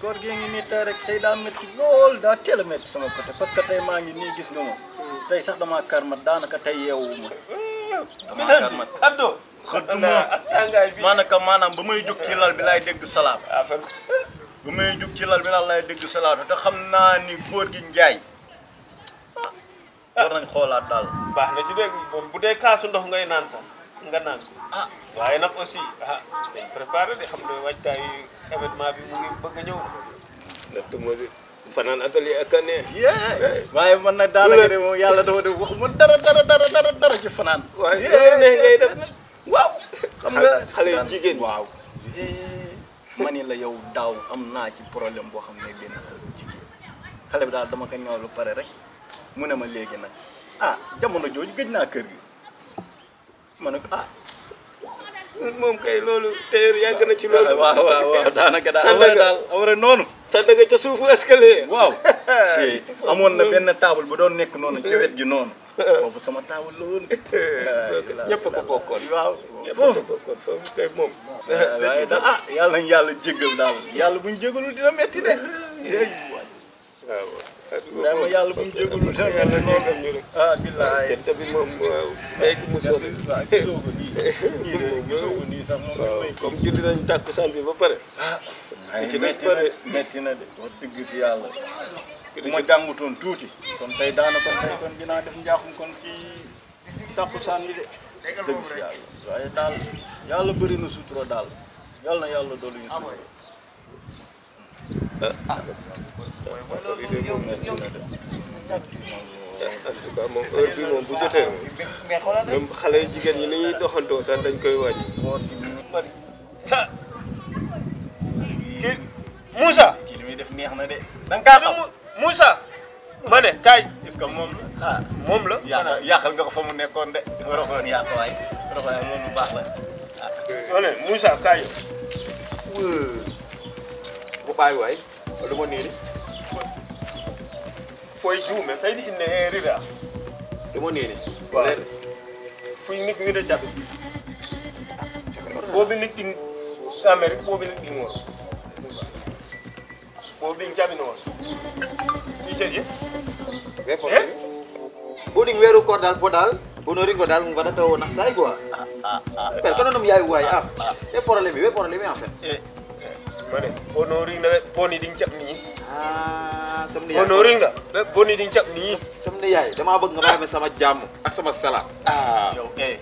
koor gi ngi nii tey rek tey daa métti lool daa teel a métti sama côté parce que tey maa ngi nii gis nga ma tey sax damaa karmat daanaka tey yeewu ma damaa karmat addo xëdduma mana kemana bumi juk ba may jug ci lal bi laay dégg salaatu ba may ci lal bi lal laay dégg salaatu te xam ni góor gi njaay war nañ xoolaat daal baax na ci dégg bu dee kaasu ndox ngay naan sax nga naan ah waaye nag aussi ah événement bi mu ngi bëgg atelier man de dafa dara dara dara dara dara ci ne ngay def xam nga xale yu jigéen waaw ma ni la yow daaw am naa ci problème boo xam ne benn bi daal dama ko ñëw lu pare rek mu ne ma léegi nag ah jamono jooju gëj naa kër gi ma ne ah moom kay loolu téer yàgg na ci loolu. waaw waaw waaw daanaka daal awra daal awra noonu. Sandaga ca suufu escalier. waaw si amoon na benn table bu doon nekk noonu ci wet gi noonu. foofu sama table la woon. ñëpp ko bokkoon. waaw foofu bokkoon foofu kay moom. waaye daal ah yàlla nañu yàlla jégal daal yàlla bu ñu jégalul dina metti de. waaw. naa ma yàlla bu mu jégalu dara yàlla jégal ñu rek. ah mu sori. waaw gisoo ko nii gisoo ko nii sax moom comme julli nañu tàkkusaan bi ba pare. ah ci des pare métti na de wax dëgg si yàlla. bu ma jàngutoon tuuti. kon tey daanaka tey kon dinaa def njaaxum kon ci tàkkusaan bi de. dëgg si yàlla waaye daal yàlla bëri na sutura daal yàlla na yàlla dolli ñu sutura. moom heure bi moom bu jotee moom xale yu jigéen ñi ni ñuy doxantoo sax dañ koy wàññi. kii Moussa. kii li muy def neex na de. da nga kaa xam Moussa. ma ne kaay est moom la. ah yàqal nga ko fa mu nekkoon de. di ko rafetlu kuɓawi way ɗumo niri foye juume so yiɗi inne e rira ɗumo niri lere fuy nik wide jaɓe ah, ɓoobi nik ɗin amérique ɓoobi nik ɗin wor ɓoobi n jaɓino on iceɗi ɓuɗi weeru kordal podal honori ngo dal mbaɗata o nak say quoi ɓen kono noom yawi wawi a e probléme we probléme en fait eh, mane pono ringa ɓe poni ɗin caɓni ñi ah, samedi yaay pono ringa ɓe poni ɗin caɓni ñi samedi yaay damaa bëgg nga may ma sama jàmm ak sama salaam ah. yow eh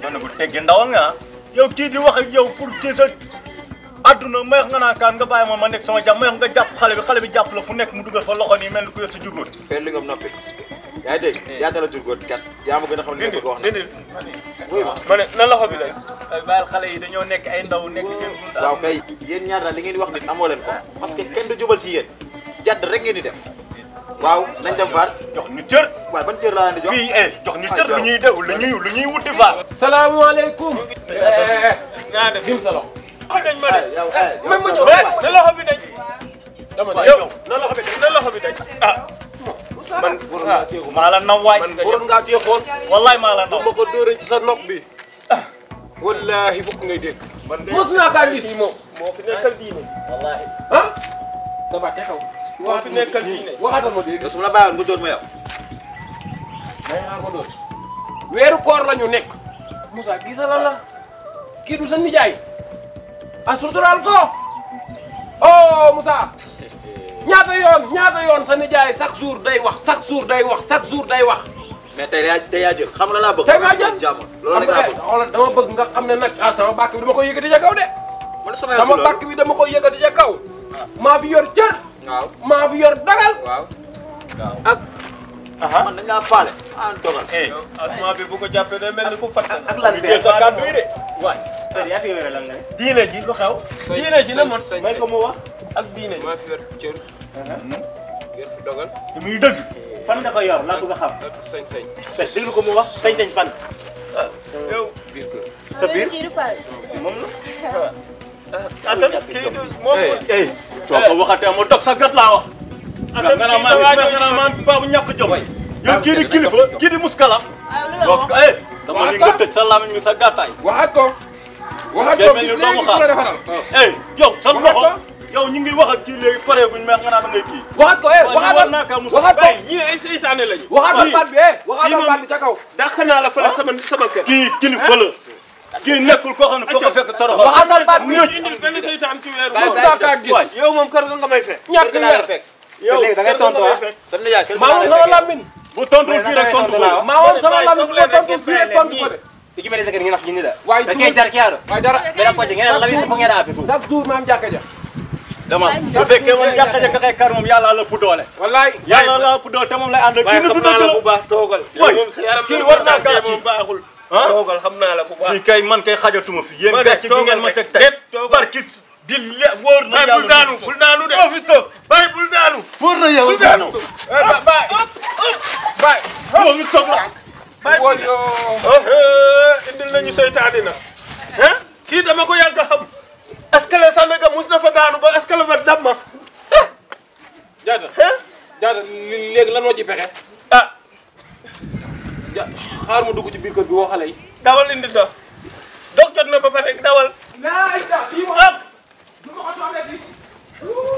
noonu bu tegge ndawal nga yow kii di wax ak yow pour te sa adduna may wax nga naa kaan nga bàyyi ma ma nekk sama jàmm may wax nga jàpp xale bi xale bi jàpp la fu nekk mu dugal fa loxo nii mel ni ku yor sa jugóot fen li noppi yaa ngi dégg eh. yaa dala tur góor kat yaa ma gën a xam ne ko wax na ma ne na loxo bi lay baal xale yi dañoo nekk ay ndaw nekk seen waaw kay yéen ñaar daal li ngeen di wax nit amoo leen ko parce que kenn du jubal si yéen jadd rek ngeen di def waaw nañ dem faar jox ñu cër waaw ban cër laa jox fii eh jox ñu cër lu ñuy def lu ñuy lu ñuy wuti faar salaamaaleykum eh, eh, naa ma dañ ma de même ma ñëw na loxo bi dañ dama ne yow na loxo bi dañ na man maa la naw man waroon ngaa jeexoon. wallaay maa la naw. ma ko dóoree ci sa nopp bi. wallaahi bokk ngay dégg. man de mos naa kaa gis moom. moo fi nekkal diine. wallaahi. ah. damaa te xaw. moo diine waxatal ma dégg. ma la bàyyiwoon nga dóor ma yow. may xaar ko dóor. weeru koor la nekk. Moussa kii sa kii du sa nijaay. a suturaal ko. oh Moussa. ñaata yoon ñaata yoon sa nijaay chaque jour day wax chaque jour day wax chaque jour day wax. mais tey yaa tey yaa xam na laa bëgg. tey maa jël loolu a laa eh, dama bëgg nga xam ne nag ah sama bàkk bi dama koy yëkkati ca kaw de. wala sama sama bàkk bi dama koy yëkkati ca kaw. Ah. maa fi yor cër. maa fi yor dagal. waaw ak. man dañ laa faale. ah dogal. Eh. asma bi bu ko jàppee day mel ni ku fàtte. ak lan bi sa kàddu yi de. waay. tey yaa fi yore lan nga ji lu xew. ak diine maa fi wertu cër wertu dogal da muy dëgg fan ah, eh. oh. da ko yor laa bëgg a xam ak sañ-sañ déglu ko mu wax sañ-sañ fan yow biir kër sa biir moom la Assane kii moom eh toog ko waxatee ma dog sa gat kiri wax Assane kii sa waay nga naan man baabu jom yow kii di kilifa kii di muskala donc eh dama ni nga tëj sa lamiñ mi sa gàttaay waxaat ko gis nga li ñu la eh yow sa loxo yow ñu ngi wax ak kii léegi pare guñ mais nga naan ngay kii. waxaat ko eh waxaat ko waxaat ko ñii ay seytaane lañu. waxaat baat bi eh waxaat baat bi ca kaw. dàq naa la fële ah. sama sama kër. kii kilifa la kii nekkul koo xam ne foo ko fekk toroxal. waxaat baat bi indil benn seytaan ci weer. bi yow moom kër nga may fekk. ñàkk weer yow léegi da ngay tontu ah. sën na yaay maa woon sama lamine. bu tontu fii rek tontu ko maa woon sama lamine bu tontu fii rek tontu ko de. te ki ma dese que ni ngeen wax ñu ni la. waay tuuti da ngay jar kii àll. waay dara mais nag ko ci ngeen la lawin si foog ngeen a àpp. chaque jour maam jàkka ja. dama su fekkee moom jàkka-jàkka kay kar moom yàlla la ëpp doole wallaay yàlla la ëpp doole te moom lay ànd kii na tudd la bu baax toogal moom sa yaram kii war naa gas moom baaxul toogal xam naa la bu baax kii kay man kay xajatuma fi yéen gàcc gi ngeen ma teg tey barki di le wóor na yàlla bul daanu bul daanu de fi toog bàyyi bul daanu wóor na yàlla bul daanu bàyyi bàyyi moo ngi toog la bàyyi indil nañu seytaane na kii dama ko yàgg xam askala sandaga mus na fa daanu ba askala ba dam ma jaata jaata léegi lan moo ci pexe ah ja xaar mu dugg ci biir kër bi woo xale yi dawal indi dox dox jot na ba pare dawal naa ita yi wax ah. du ma ko bi